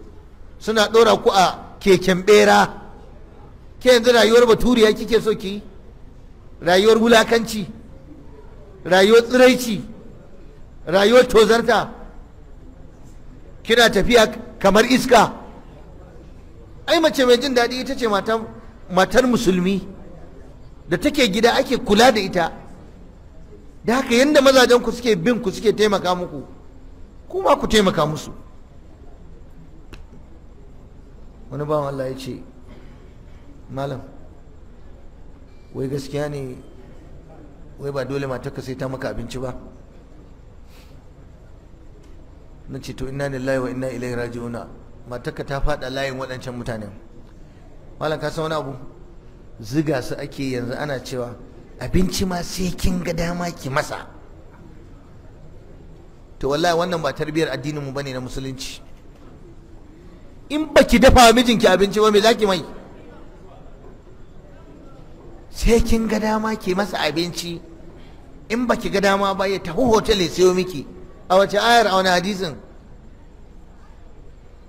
suna ɗora ku a keken ɓera ke yanzu rayuwar baturiya kike so ki rayuwar wulakanci rayuwar tsiraici rayuwar tozarta kina tafiya kamar iska ai mace mai jin daɗi ita ce matar musulmi da take gida ake kula da ita da haka yadda ku suke bin ku suke taimaka muku kuma ku taimaka musu wani bawan Allah ya ce malam wai gaskiya ne wai ba dole matarka sai ta maka abinci ba na ce to inna lillahi wa inna ilaihi raji'una matarka ta fada layin waɗancan mutane. malam ka san wani abu ziga su ake yanzu ana cewa abinci ma sai kin ga dama ki masa to wallahi wannan ba tarbiyar addinin mu bane na musulunci in baki dafa mijinki abinci ba me zaki mai sai kin ga dama ki masa abinci in baki ga dama ba ya tafi hotel ya sayo miki a wace ayar a wani hadisin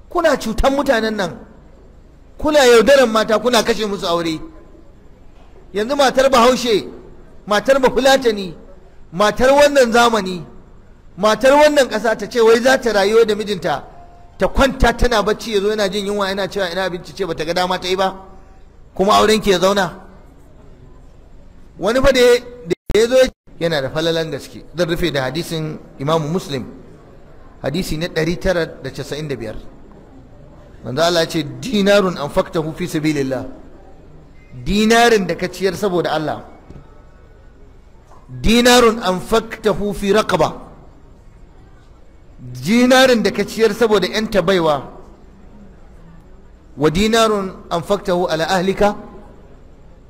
kuna cutan mutanen nan kuna yaudaran mata kuna kashe musu aure yanzu matar bahaushe matar bafulatani matar wannan zamani matar wannan ƙasa ta ce wai za ta rayuwa da mijinta ta kwanta tana bacci ya zo yana jin yunwa yana cewa ina abinci ce ta ga dama ta yi ba kuma auren ke zauna wani fa da ya zo ya yana da falalan gaske zan rufe da hadisin imamu muslim hadisi na 995 manzo Allah ya ce dinarun anfaqtahu fi sabilillah dinarin da ka ciyar saboda Allah dinarun anfaqtahu fi raqaba dinarin da ka ciyar saboda yan tabaiwa wa dinarun anfaqtahu ala ahlika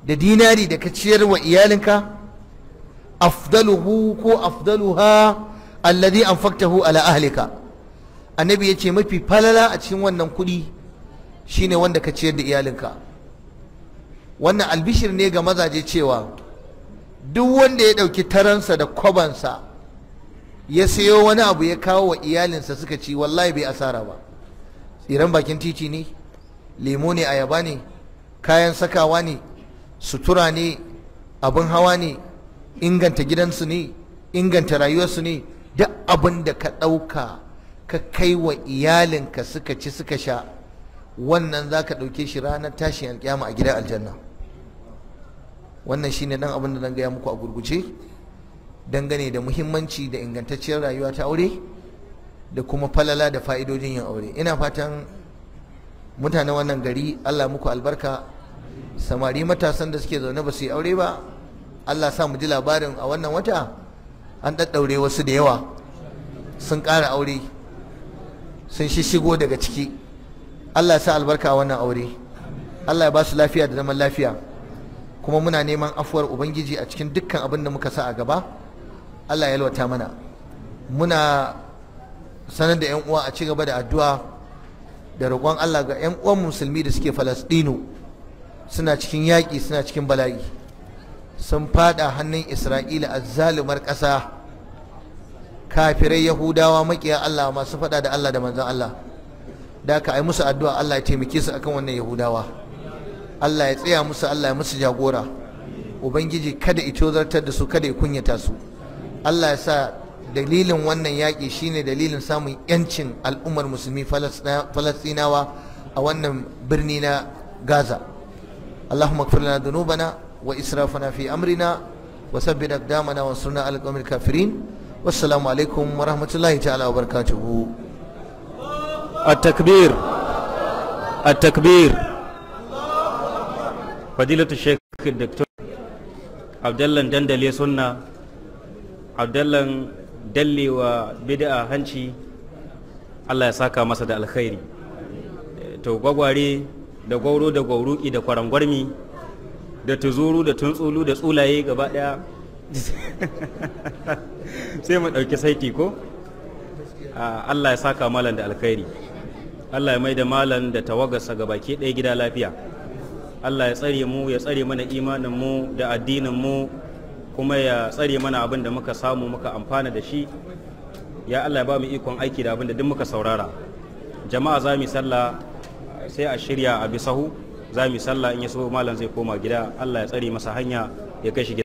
da dinari da ka ciyar wa iyalinka afdaluhu ko afdaluha alladhi anfaqtahu ala ahlika annabi yace mafi falala a cikin wannan kuɗi shine wanda ka ciyar da iyalinka wannan albishir ne ga mazaje cewa duk wanda ya ɗauki taransa da kwabansa ya sayo wani abu ya kawo wa iyalinsa suka ci wallahi bai asara ba tsiran bakin titi ne lemo ne ayaba ne kayan sakawa ne sutura ne abin hawa ne inganta gidansu ne inganta rayuwarsu ne duk abin da ka ɗauka ka kai wa iyalinka suka ci suka sha wannan za ka ɗauke shi ranar tashin alƙiyama a gidan aljanna wannan shi ne ɗan abin da zan gaya muku a gurguce dangane da muhimmanci da ingantacciyar rayuwa ta aure da kuma falala da fa'idojin yin aure ina fatan mutanen wannan gari Allah muku albarka samari matasan da suke zaune ba su yi aure ba Allah sa mu ji labarin a wannan wata an daddaure wasu da yawa sun ƙara aure sun shishigo daga ciki Allah sa albarka a wannan aure Allah ya ba su lafiya da zaman lafiya kuma muna neman afuwar ubangiji a cikin dukkan abin da muka sa a gaba Allah ya lwata mana muna sanar da 'yan uwa a ci gaba da addu'a da roƙon Allah ga 'yan uwan musulmi da suke Falasɗinu suna cikin yaƙi suna cikin bala'i sun fada hannun isra'ila a zalumar ƙasa kafirai yahudawa makiya allah masu fada da allah da manzan allah da ka ai musu addu'a allah ya taimake su akan wannan yahudawa allah ya tsaya musu allah ya musu jagora ubangiji kada ito zartar da su kada ya kunyata su allah ya sa dalilin wannan yaƙi shine dalilin samun yancin al'ummar musulmi falastinawa a wannan birni na gaza allahumma اغفر لنا وإسرافنا في أمرنا وثبت أقدامنا وانصرنا على القوم الكافرين والسلام عليكم ورحمة الله تعالى وبركاته التكبير التكبير فضيلة الشيخ الدكتور عبد الله دندلي سنة عبد الله dalli wa bid'a hanci Allah ya saka masa da alkhairi to gwagware da gwauro da gwauruki da kwarangwarmi da tuzuru da tuntsulu da tsulaye gaba daya sai mu ɗauki saiti ko allah ya saka malam da alkhairi allah ya mai da malam da tawagarsa ga baki ɗaya gida lafiya allah ya tsare mu ya tsare mana imanin mu da addinin mu kuma ya tsare mana abin da muka samu muka amfana da shi ya allah ya ba mu ikon aiki da abin da duk muka saurara jama'a za mu sallah sai a shirya a bisahu za mu sallah in ya so malam zai koma gida Allah ya tsare masa hanya ya kai shi gida